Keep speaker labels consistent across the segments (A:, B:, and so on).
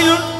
A: batilun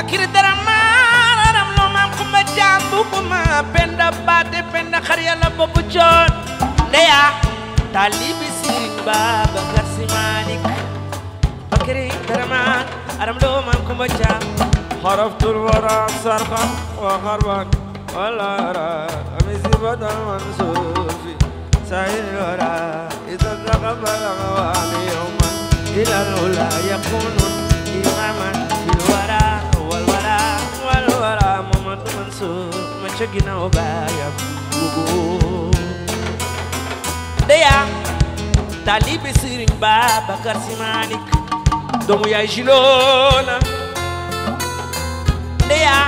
A: akir dara maanaam loo maam xuma jàmbu bu ma penda baate penda xar yàlla boppu coon ndeya taalibi Sëriñ Babacar Sy Malick akir dara maanaam loo maam xuma jàmbu xaraftul wara sarxan wa xarban wala ra ami si badal mansuur fi سعيد الورى إذا تقبل موالي يوما إلى الأولى يكون Mansour ma ca ginnaaw baayam bu deya taalibe Sëriñ Babacar Si Maalik doomu yaay jiloona deya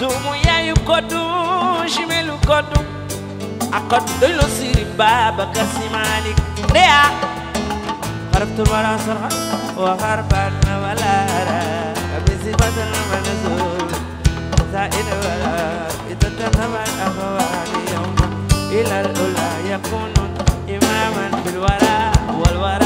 A: doomu yaayu koddu jimelu koddu a koddu doylo Sëriñ Babacar Si Maalik deya xarabtul wara sarxa wa xarban walaara a bisi badal Mansour سائر لتتهم الأهوال يوما إلى الأولى يكون إماما بالورى والورى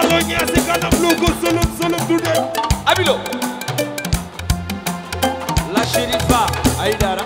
B: Fallou Niass ci kanam Louga sëlëm sëlëm du dem abilo la Chérif Ba Aïdara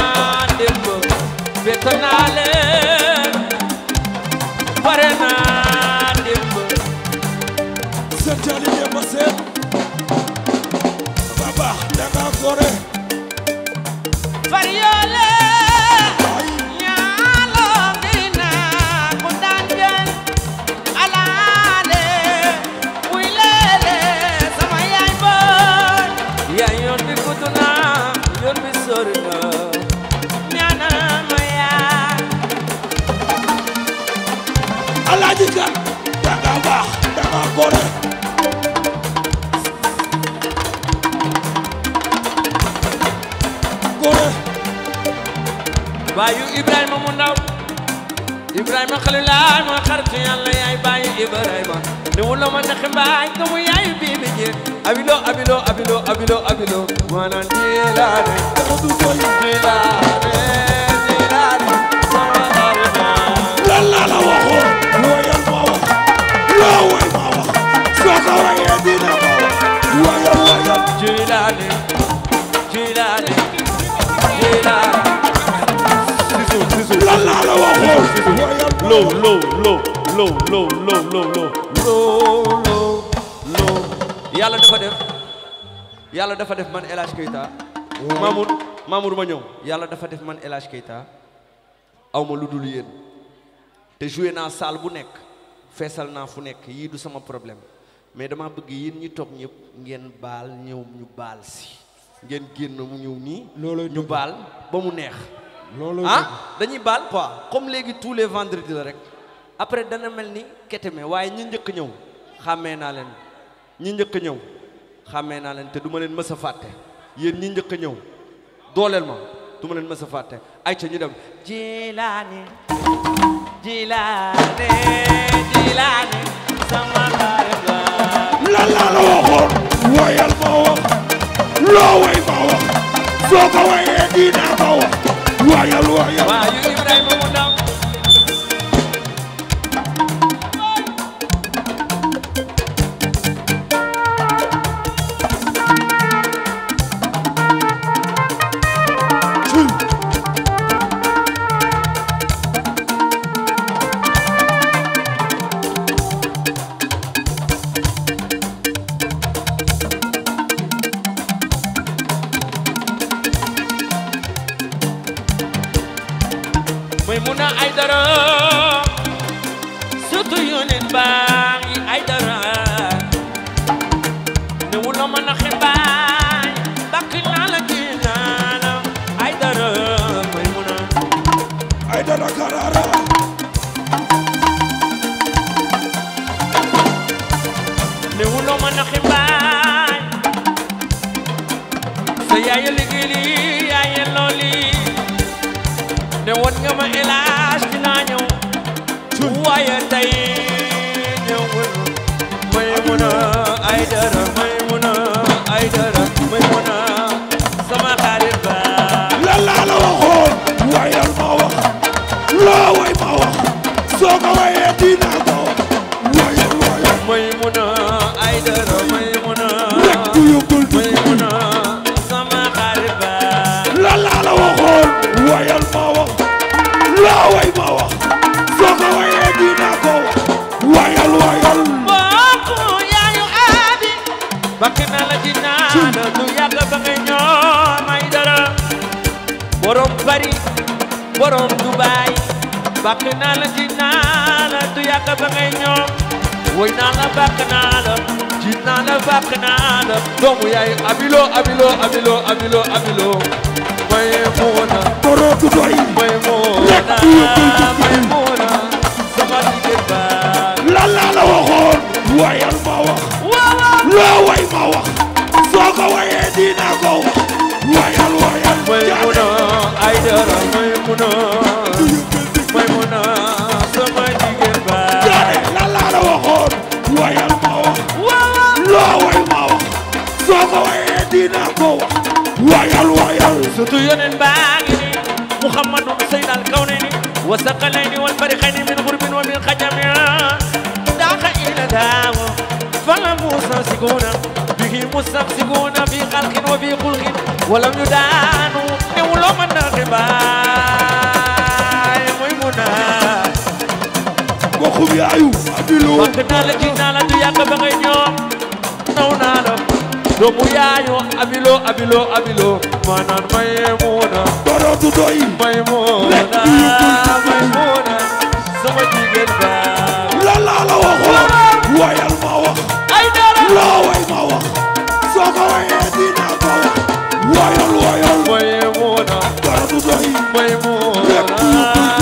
A: Tonight. Ibrahima Xalilaay mooy xaritu yàlla yaay bàyyi Ibrahima ne wula ma nexe mbaay doomu yaay bii bi ñe abilo abilo abilo abilo abilo maanaam jilaane dama
B: du ko jilaane jilaane sama xarina lan laa la waxoon loo yan ma wax loo way ma wax soo ko waxee dina laa la waxoon low low low low low low low low low low
A: yàlla dafa def yàlla dafa def man El Hadj Keita Mamour Mamour ma ñëw yàlla dafa def man El Hadj Keita aw ma lu dul yéen te joué naa salle bu nekk feesal naa fu nekk yii du sama problème mais dama bëgg yéen ñi toog ñëpp ngeen baal ñëw ñu baal si ngeen génn mu ñëw nii loolu ñu baal ba mu neex ah dañuy baal quoi comme léegi tous les vendredis la rek après dana mel ni keteme waaye ñi njëkk ñëw xàmmee naa leen ñi njëkk ñëw xàmmee naa leen te du ma leen mës a fàtte yéen ñi njëkk ñëw dooleel ma du leen mës a fàtte ay ca ñu dem jilaane jilaane
B: jilaane laa la waxoon woyal ma wax loo way ma wax soo ko wayee dinaa ma wax Royal, royal. Waaw, Ibrahima
A: borom Dubaay bàkk naa la ji naa la du yàgg ba ngay ñoom woy naa la bàkk naa la ji naa la bàkk naa la doomu yaay abilo abilo abilo abilo abilo
B: may moona borom Dubaay may moona may moona sama jigéen ba lan laa la waxoon wayal ma wax loo way ma wax soo ko wayee dinaa ko wax wayal wayal ay dara may mun a may mun a sama jigéen ba joone la la la waxoon wayal ma wax loo way ma wax soo ko wayee dinaa ko wax wayal wayal
A: surtout yoneen baa ngi ni Muhammadu Seydina al kawnayni wa saqalayni wal fariqayni min xurbin wa min xajami daaxa ila daawa fala muusa siguna به مستمسكون بخلق وبخلق ولم يدانوا نولوا من الغباء ميمونة
B: waxum yaayu
A: abdilou bëgg naa la gis naa la du yàgg ba ngay ñëw naw naa la doomu yaayu abilo abilo abilo maanaam Maymuna
B: dara du doy Maymuna Maymuna sama jigéen ba la la la waxoon wayal ma wax ay dara la way ma Maymuna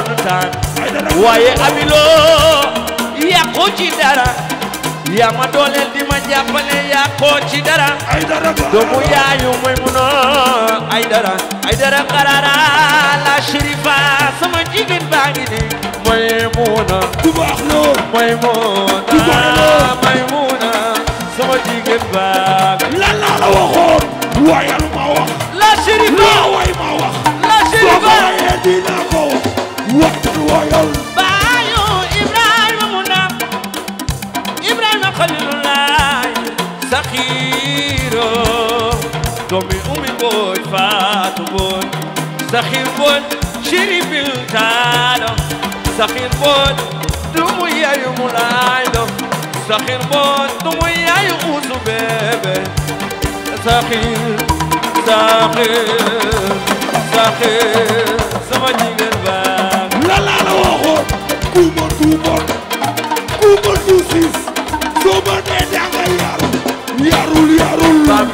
B: kontaan waaye abiloo
A: yàqu ci dara yaa ma dooleel di ma jàppale yàqoo ci dara doomu yaayu mooy munoo ay dara ay dara xarara la shérifa sama jigéen baa ngi ni mooy muuna mooy muuna mooy muuna sama jigéen baa ngi lan laa la waxoon waaye
B: lu ma wax la shérifa waaye ma wax la shérifa dinaa ko
A: saxir bon ciri bil taadam saxir bon dumu yayu mulaydam saxir bon dumu yayu usu bebe saxir saxir saxir sama jigéen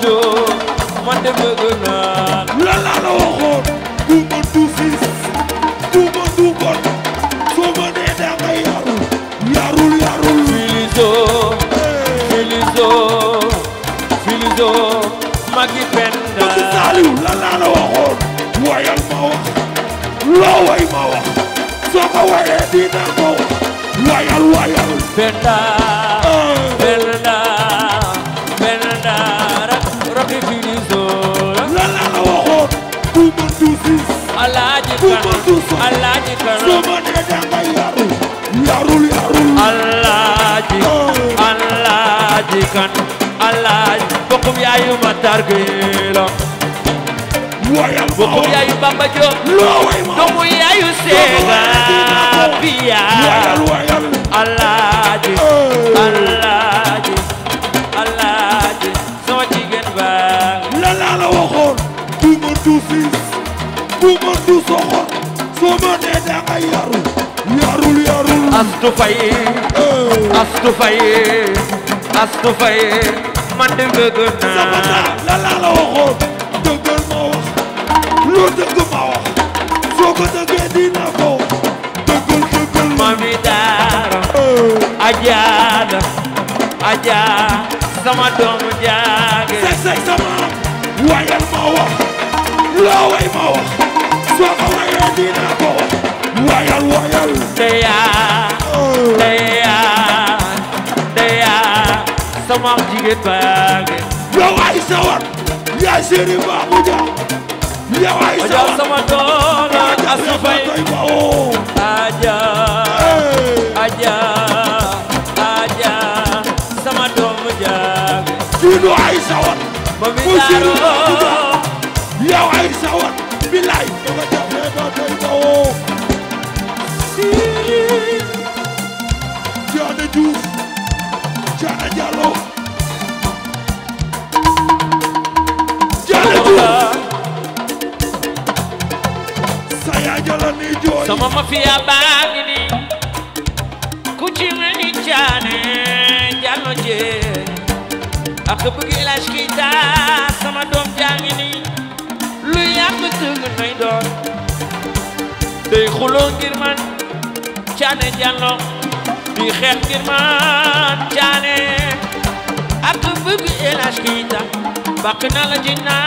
A: moto la la la waxoon
B: du mën du fils du mën du bon soo magi penda magi saliw la la la waxoon wayal ma loo way ma wax soo ko wayee dina ko
A: wayal yaayu Matar Gueye la bokkub yaayu Bamba
B: la laa la waxoon du ma du fils du ma du soxor soo ma nee da nga yaru yarul yarul astu fay euh. astu man de bëgg la la waxoon dëggal ma wax lu dëgg ma wax soo ko dëggee dina ko dëggal dëggal mami
A: daara eh. ajaana ajaa sama
B: doomu jaage sek sama wayal ma wax loo way ma wax soo ko wayee dina ko wayal wayal it back. Yow ay sawar yaa siri ba Abuja. Yow ay sawar oh. Aja
A: sama doona
B: ay sawar. Mu siri ba Sofia baa
A: ngi nii ku ci mel ni caane jàllo jee ak bëgg ilaaj kii sama doom jaa ngi nii lu yàgg dëgg nay doon day xuloo ngir man caane jàllo di xeex ngir man caane ak bëgg ilaaj kii taa na la ji la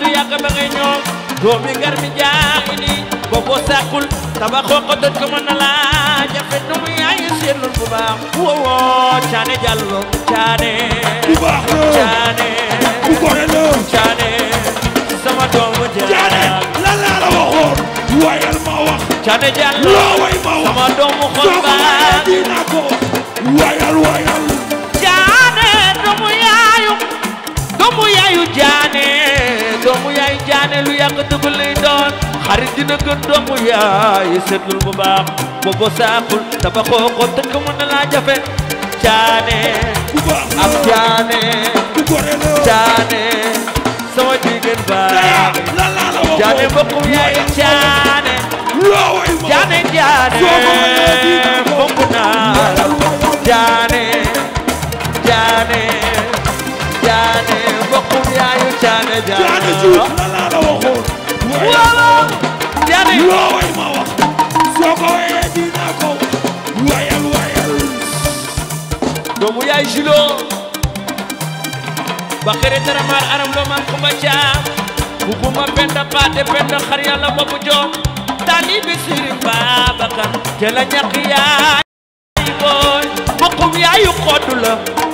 A: du yàgg ñoom doomi gar mi jaa ngi nii booboo sàkkul tabaxoo ko doj ko mën na laa jafe nu mu yaay seetlu bu baax woowoo caane jàllo caane bu baax la caane bu la la waxoon wayal ma wax caane jàllo loo sama doomu xol baax dina ko wayal wayal caane doomu yaayu doomu yaayu caane doomu yaayu caane lu yàgg dugg lay doon xarit dina gën doomu yaay seetlul bu baax boobu saaxul dafa xooxo tënk mu ne laa jafe caane ab caane caane sama jigéen baax caane mbokkum yaay caane caane caane mbokk naa caane caane caane mbokkum yaayu caane caane loo way ma wax soo ko wayee dinaa ko wayal wayal doomu yaay julo ba xere tara maar aram loo man kuma caam buguma penda paate penda xar yàlla ba bu joom tani bi sirim Babacar te la ñaq yaay booy bokkum yaayu xoddu la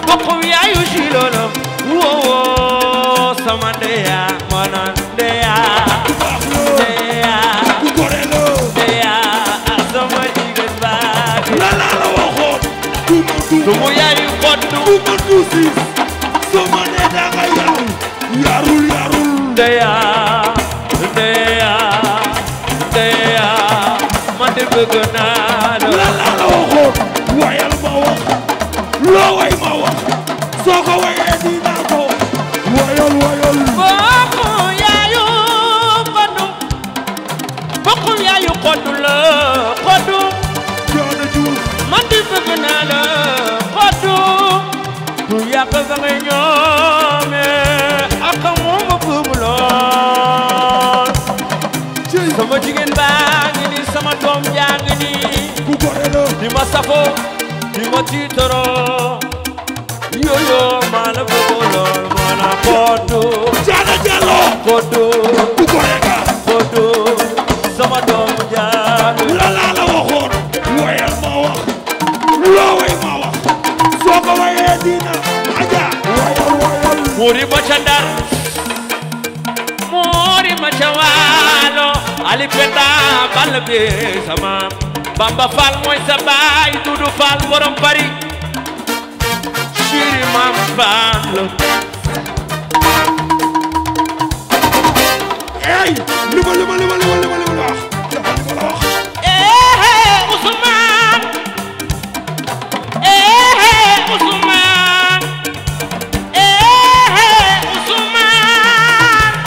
A: bokkum yaayu julo la woowoo sama ndeyaa Super Ducis Kodu. Jaana Jallo. Kodu. Kukoreka.
B: Kodu. sama doom jaanu. lala la waxoon. wayal ma wax. loo way ma wax. soo ko wayee dina. aja. wayal
A: wayal. Moori ma ca Ndar. Moori ma ca Waalo. Ali Penda bal bi sama. Bamba Fall mooy sa baay Dudu Fall borom Paris. Chiri Mam Fall.
B: eey lu ma lu ma lu ma lu ma lu ma wax lu ma wax eey Ousmane eey Ousmane
A: eey Ousmane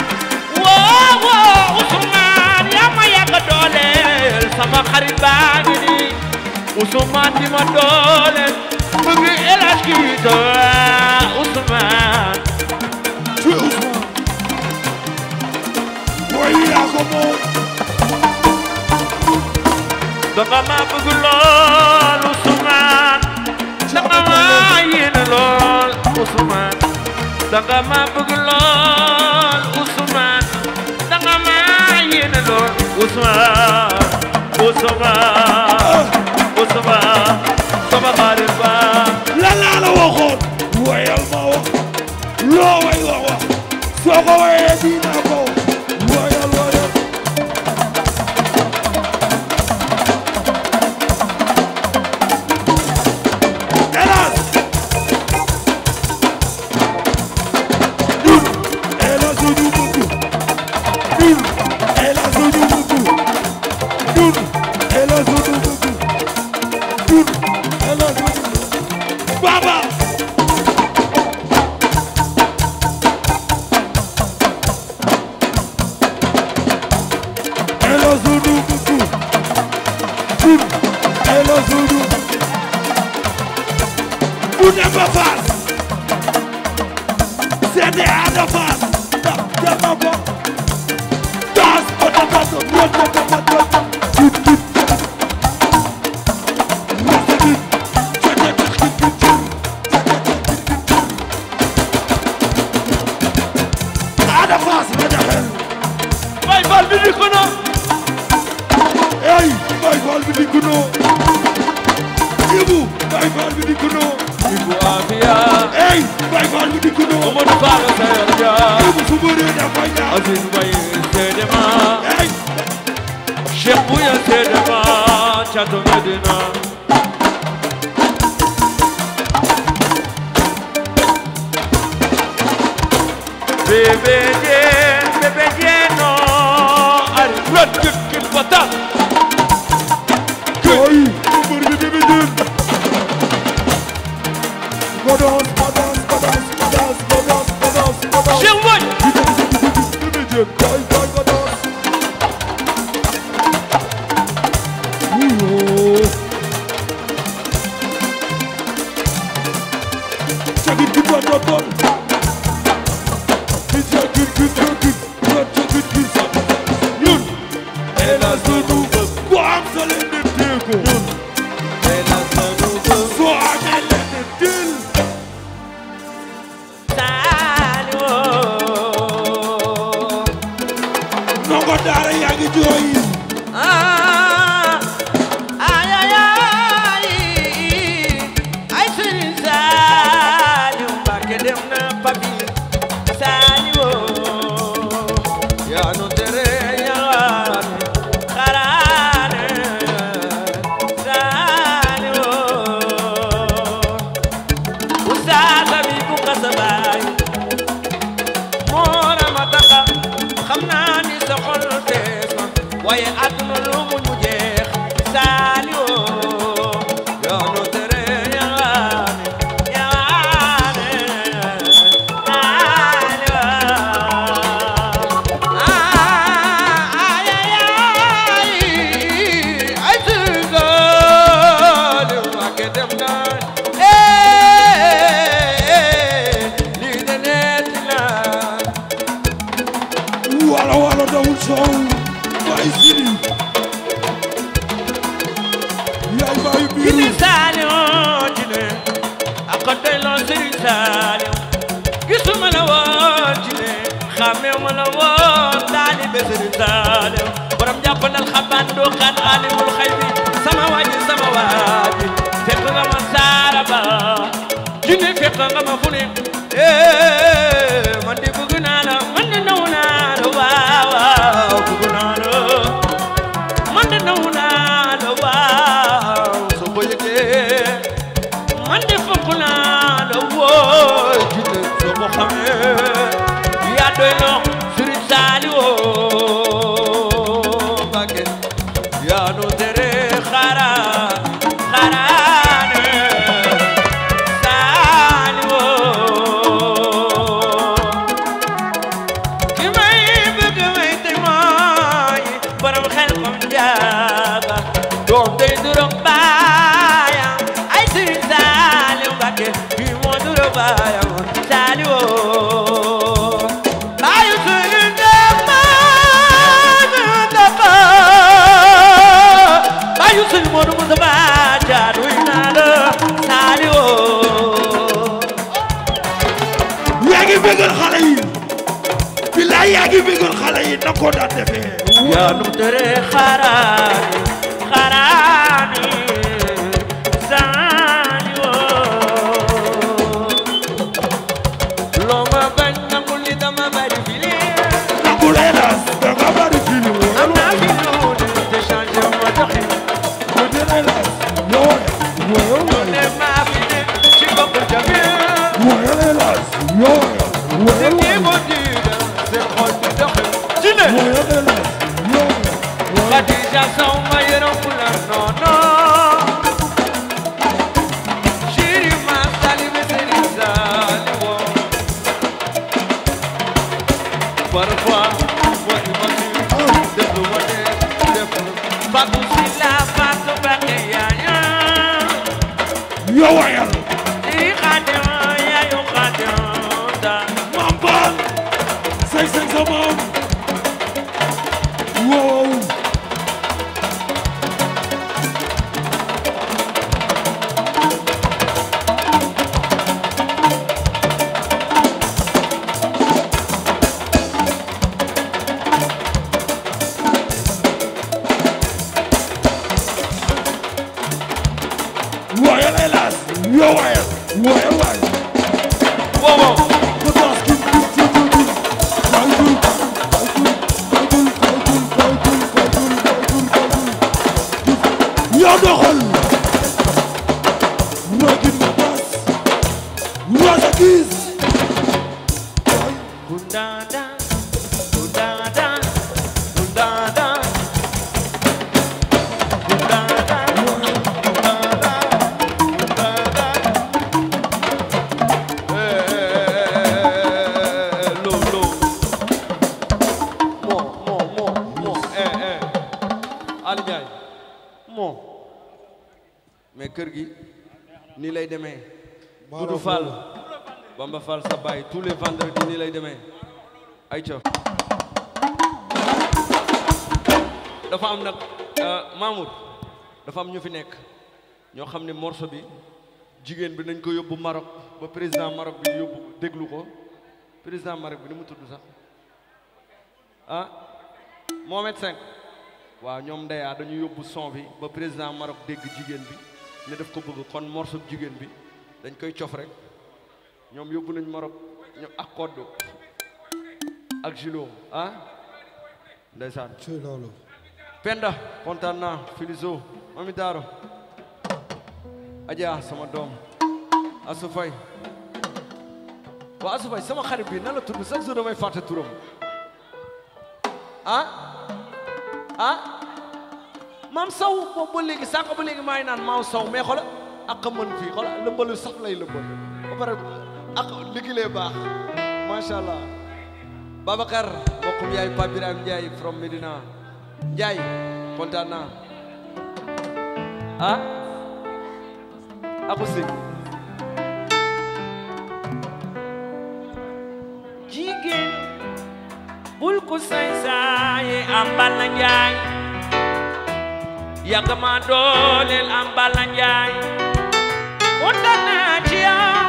A: woo woo Ousmane yaa ma yàgg dooleel sama xarit baa ngi di Ousmane di ma dooleel mu ngi El Hadj Guita ah, Ousmane
B: ko moom danga ma bëgg
A: lool Ousmane danga ma yéene lool Ousmane danga ma bëgg lool Ousmane danga ma yéene lool Ousmane Ousmane Ousmane
B: sama xarit ba lan laa la waxoon wayal ma wax loo way wax wax soo ko wayee dinaa the hand of us. That's the bubble. That's what I'm about to do.
A: isaaka bi bu xasa baay moora ma taxa xam naa ni sa xol tees na waaye àdduna lu mu
B: ko daan defee yaa nu
A: tere xaaraat lay demee.
B: Doudou
A: Fall sa baay tous les vendredis nii lay demee ayca. dafa am nag euh, Mamour dafa am ñu fi nekk ñoo xam ne morceau bi jigéen bi dañ ko yóbbu Maroc ba président Maroc bi yóbbu déglu ko président Maroc bi ni mu tudd sax ah Mohamed Cinq waaw ñoom ndeyaa dañu yóbbu son bi ba président Maroc dégg jigéen bi ñu def ko bëgg kon morso jigéen bi dañ koy cof rek ñoom yóbbu nañ Maroc ñoom ak koddu ak julo ah ndeysaan ci loolu penda kontaan naa filiso mami daaro aja sama doom asu fay waa asu sama xarit bi nan la tudd chaque jour damay turam ah ah maam saw boobu ba léegi sànq ba léegi maa ngi naan maam saw mais xola ak mën fii xola lëmbalu sax lay lëmbal ba pare ak liggéey baax macha allah Babacar mbokkum yaay Pape Birame from Medina Ndiaye kontaan naa ah aku si jigéen bul ko sañ saaye ambal na Ndiaye yàgg ma dooleel am bala njaay kontaan naa ci yow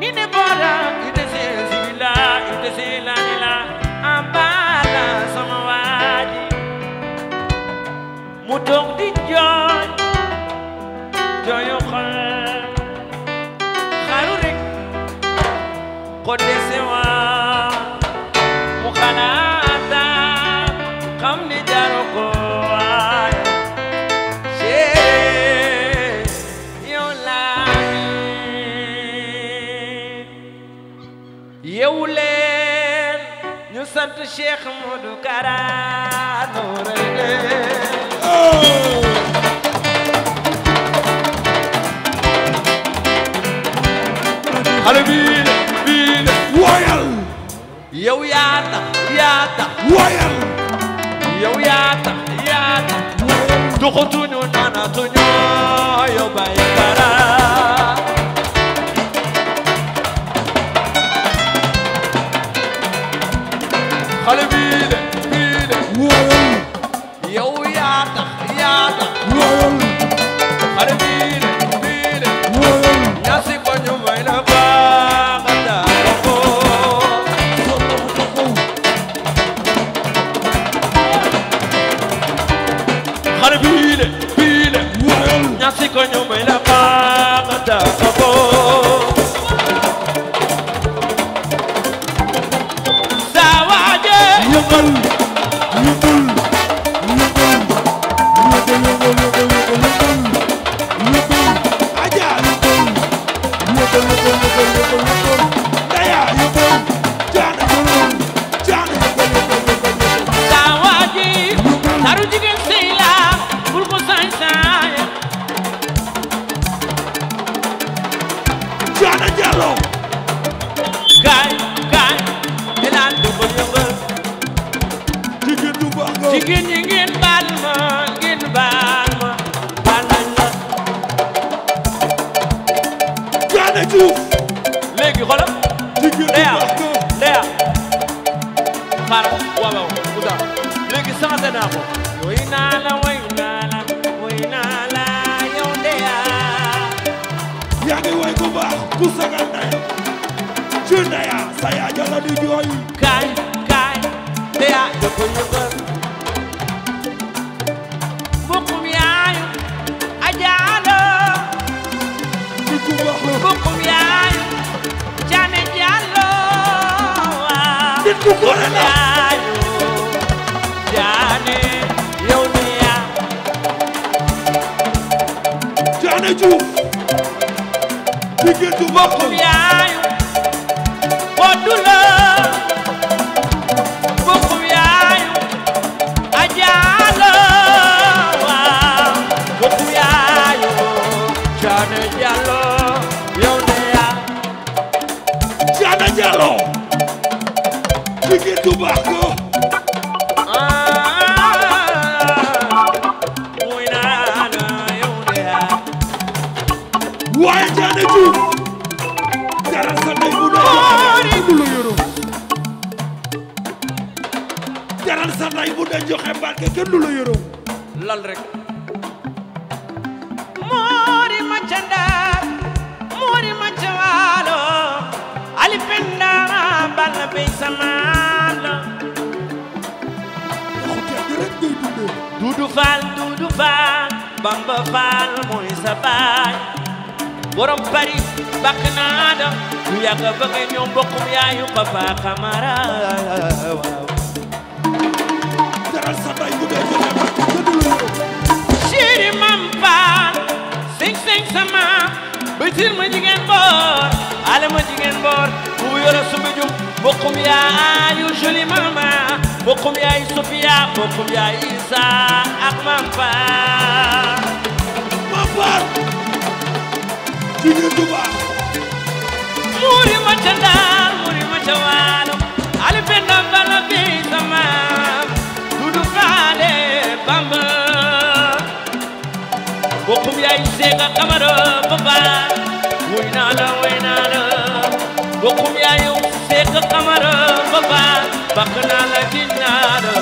A: ni ne Cheikh Modou Kara ngeen nga bëgg ñu mbokkum yaayu papa Camara
B: waaw dara
A: sa bay bu dee chéri mam paan sëñ sëñ sama bëtir ma jigéen boor ale ma jigéen boor bu yoro subi jum mbokkum yaayu joli mama mbokkum yaayu Sofia mbokkum yaayu Isa ak mam paan mam paan jigéen du baax ga kamaro baba wayna la wayna la bokum yayu se ga kamaro baba bakna la dinna la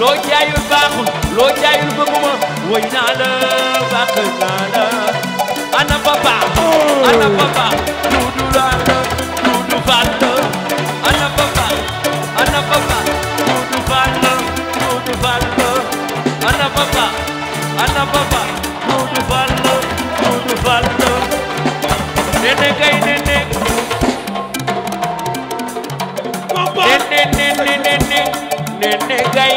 A: lo jaayul baaxul lo jaayul bëgguma wayna la bakna la ana papa ana papa Doudou Fall la Doudou Fall la ana papa ana papa Doudou Fall la Doudou Fall la ana papa ana papa Doudou Fall la Doudou Fall la Néné kay néné néné néné néné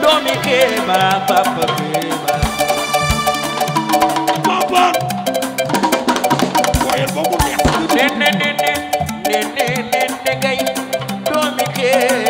A: doomi Kéba papa Kéba ne ne ne ne ngay doomi jéem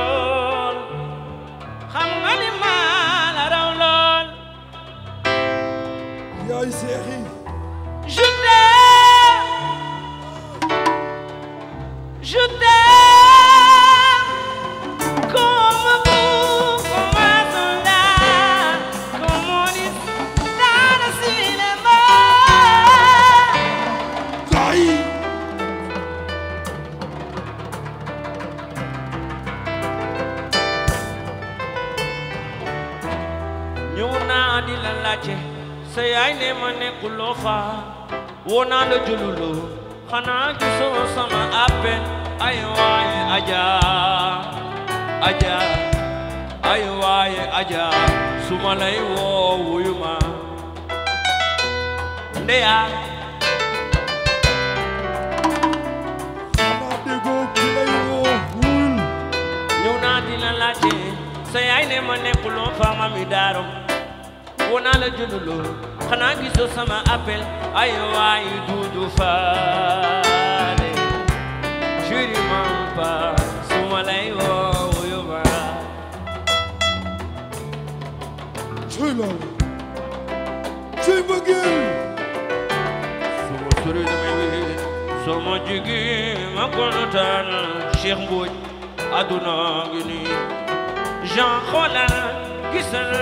A: lool
B: xam nga ni maa la raw lool yaay seexi je t'aime
A: je t'aime sa yaay ne ma nekkul loo woo naa la jululu xanaa gisoo sama appel ay waaye aja ay waaye aja su woo wuyu ma ndeya
B: xanaa déggoo ki woo wul
A: ñëw naa di sa yaay ne ma nekkul loo ma mi daarom yow naa la judulu xanaa gisoo sama appel ay waay duudu faale juri man pa suma lay woo yóbba
B: cuy lool cuy bëggeel
A: suma suri damay ma kontaan Jean xoolal gisal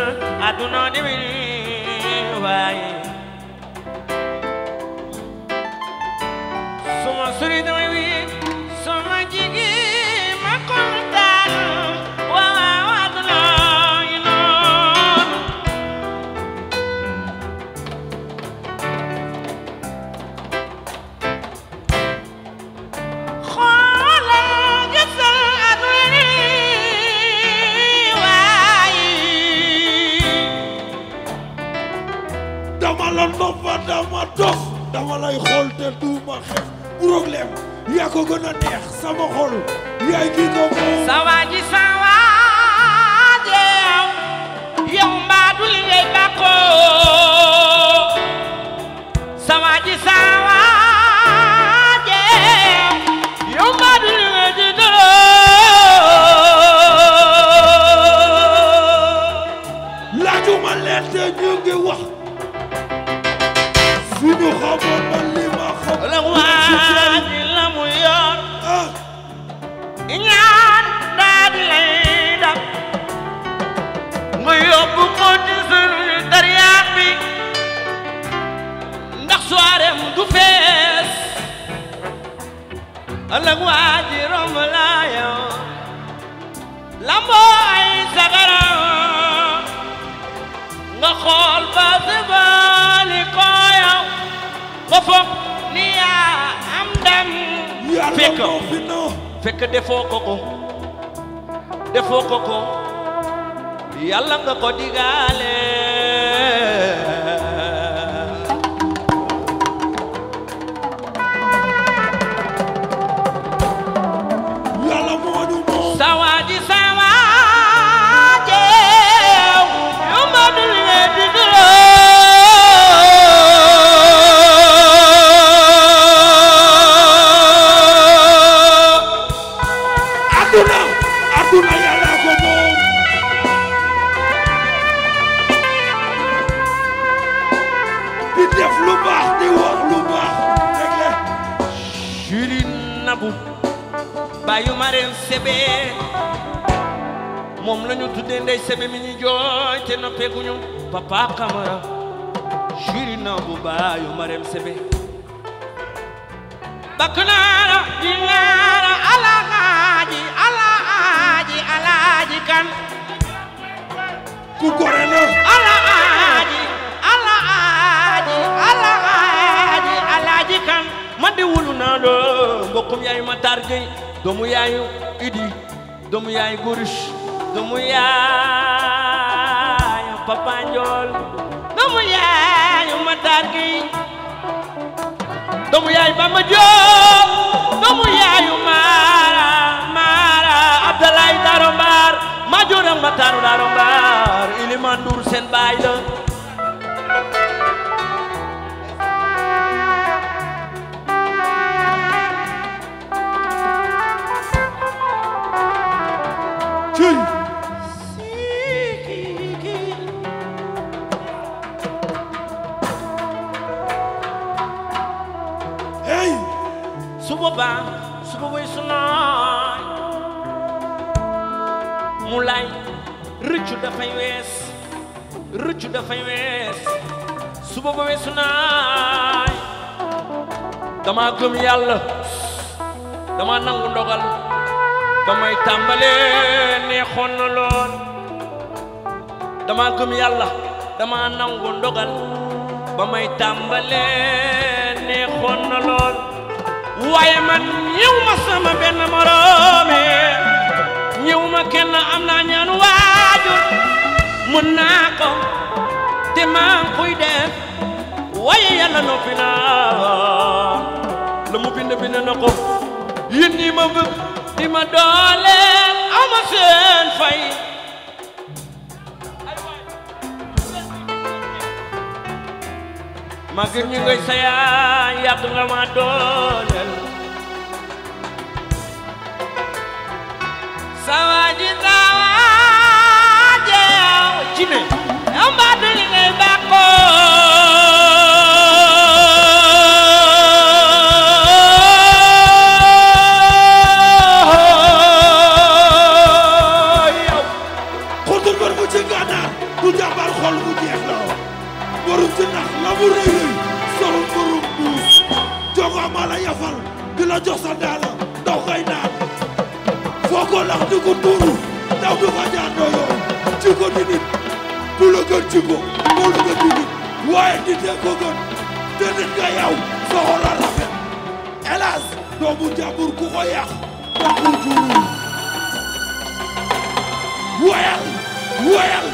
A: aduna ni waay
B: dama lay xool te duuma xef problème yaa ko gën a neex sama xol yaay kii ko moom sa
A: waa ji sa waa deew yow mbaa du li ngay bàkkoo sa waa ji sa ëllëg waa ji romb laa yow ay sagaram nga xool ba si baali nga foog ni yaa am ndam fekk fekk defoo ko ko defoo yàlla nga ko digaale
B: yóbbu
A: bàyyu Sebe moom la ñu tuddee ndey Sebe mi ñu jooy te noppeeguñu papa Camara juri na bu bàyyu Marème Sebe bakk naa la di ñaara alaaji alaaji alaaji kan
B: ku gore na
A: ma di wulu naa la mbokkum yaay Matar Gueye doomu yaayu Idi doomu yaayu Goris doomu yaayu Papa doomu yaayu Matar Gueye doomu yaayu Bamba Diop doomu yaayu Mara Mara Abdoulaye Daro Mbar maa jooram Matar Daro Mbar Iliman Ndour seen baay la ba suba way su nooy mu lay rëccu dafay wees rëccu dafay wees suba ba weesu naay dama gëm yàlla dama nangu ndogal ba may tàmbalee neexoon na lool gëm yàlla dama nangu ndogal ba may tàmbalee neexoon na waaye man ñëw ma sama benn moroome ñëw ma kenn am naa ñaanu waajur mën naa ko te maa ngi koy def waaye yàlla noppi naa la mu bind bind na ko yéen ma bëgg di ma dooleel ama seen fay ma gën ñu ngay sayaan yàgg nga ma dooleel sawaaji sawaaji yow ci ne yow du li ngay bàkkoo
B: ko tuuru ndaw du ko jaar doo yoon nit du la gën jikko moo nit waaye nit ya ko te nit nga yow soxla rafet hélas doomu jàmbur ku ko yàq jàmbur tuuru woyal woyal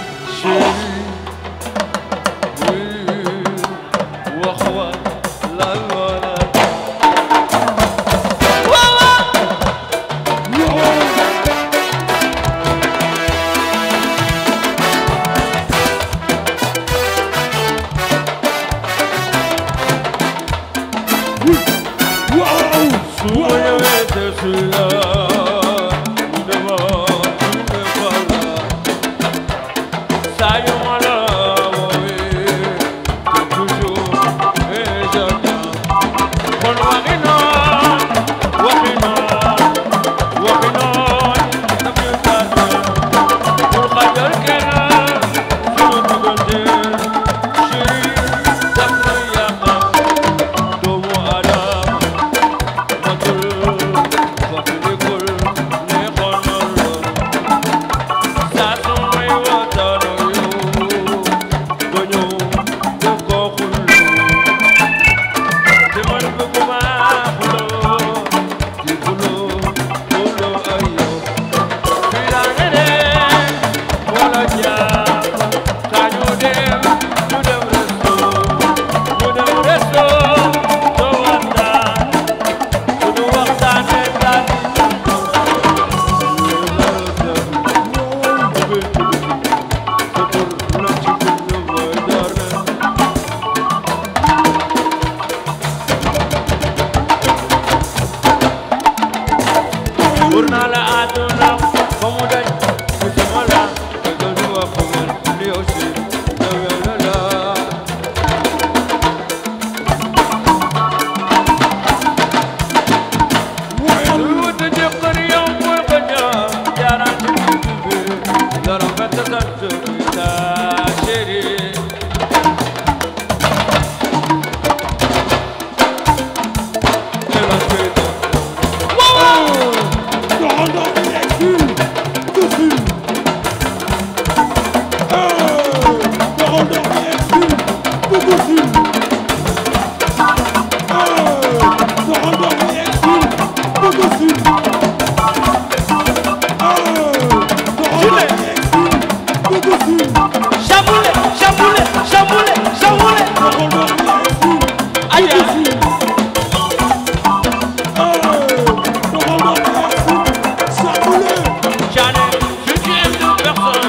B: personne.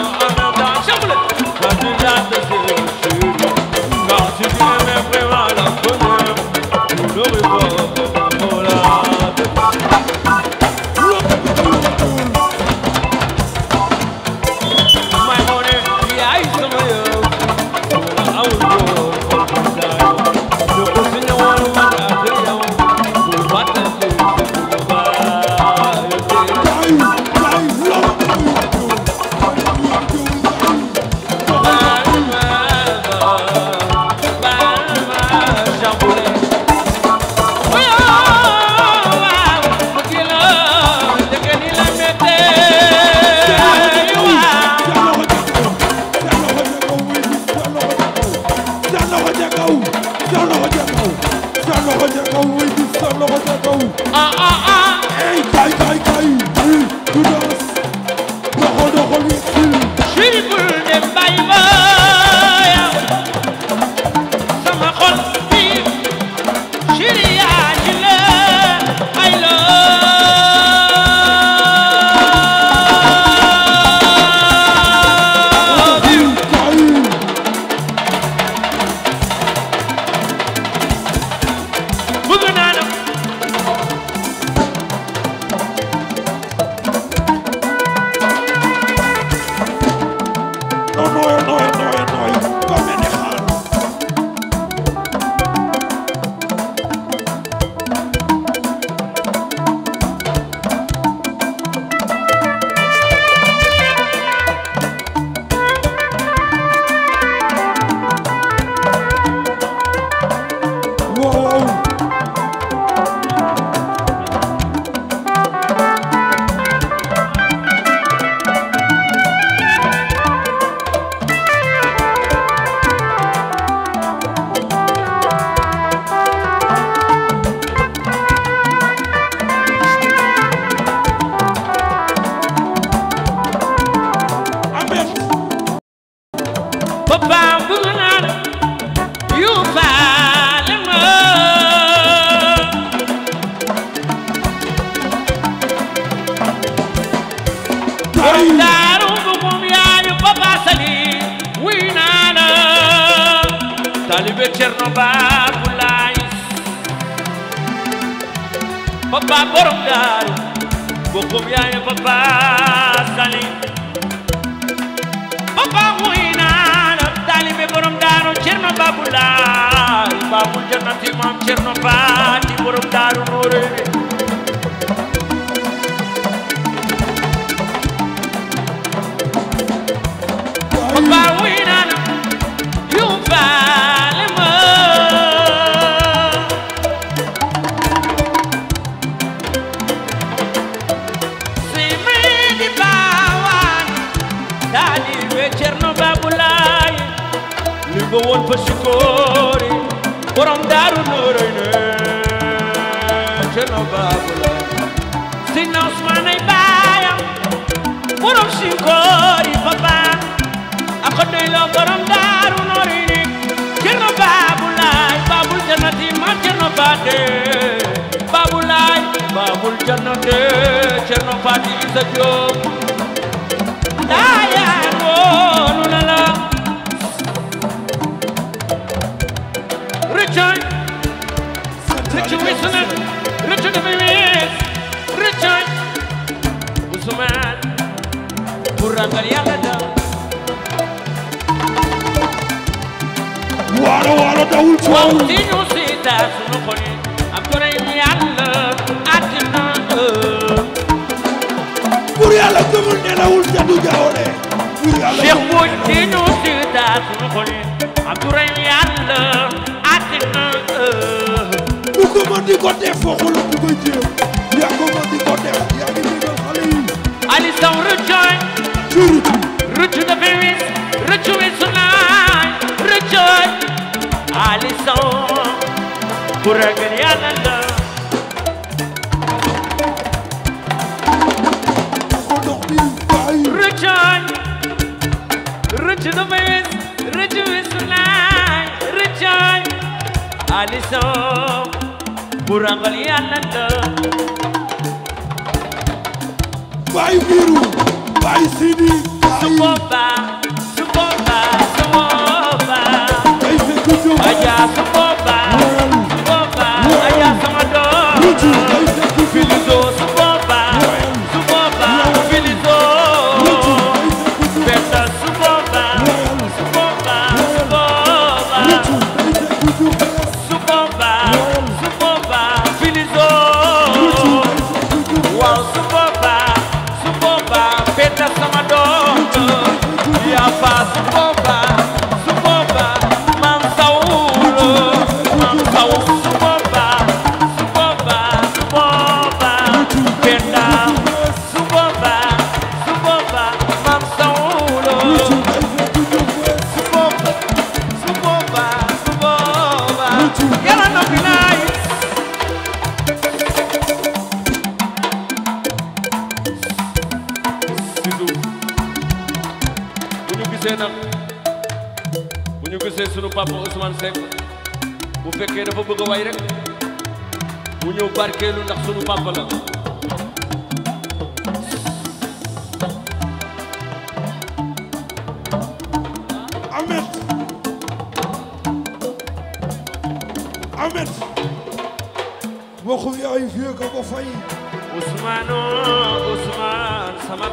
A: rangal yàlla da waalo waalo dawul coow di ñu siita sunu xol yi am doray yàlla àddina bur yàlla gëmul nelawul te du jaawale bur yàlla gëmul nelawul di ñu siita sunu xol yi am doray yàlla àddina
B: bu ko mën di ko def foo xol du koy jéem yaa ko mën di
A: ko def yaa ngi jégal xale yi ali sawru jooy suuru rëccu na fi wis rëccu wisu naay rëccu Ali Sow ku ragal Yàlla la rëccu rëccu na fi wis rëccu wisu naay rëccu Ali Sow ku ragal Yàlla la waaye biiru Baye Sidi su boobaa su boobaa su boobaa papa Ousmane Seck bu fekkee dafa bëgg a way rek mu ñëw barkeelu ndax sunu papa la
B: loxo yaay fii ko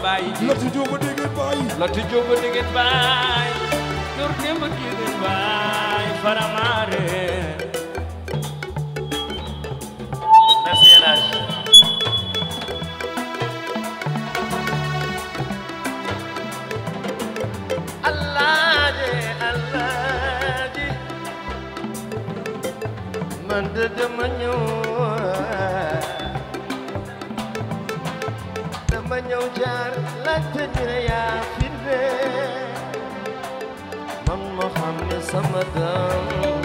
A: baay ji Lati Jóob a baay Lati Jóob a baay jor dem a dégg man de dama ñëw ñëw jaar laajte ñu ne yaa fi man ma xam ne sama doom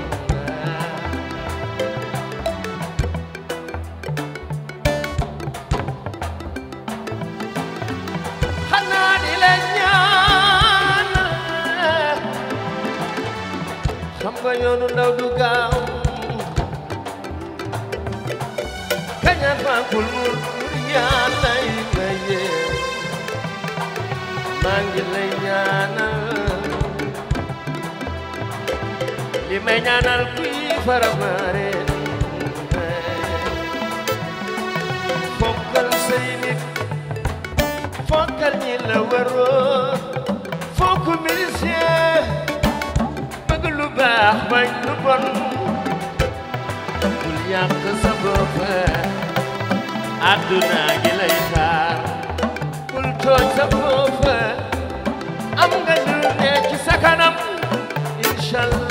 A: ba yoonu ndaw du gaaw kaña faakul mu yàlla maa ngi lay ñaanal li may ñaanal kuy faramaare fokkal say nit fokkal ñi la waroon fokk ministère bëgg lu baax bañ lu bon bul yàq sa bopp àdduna gi lay xaar bul tooñ sa bopp shall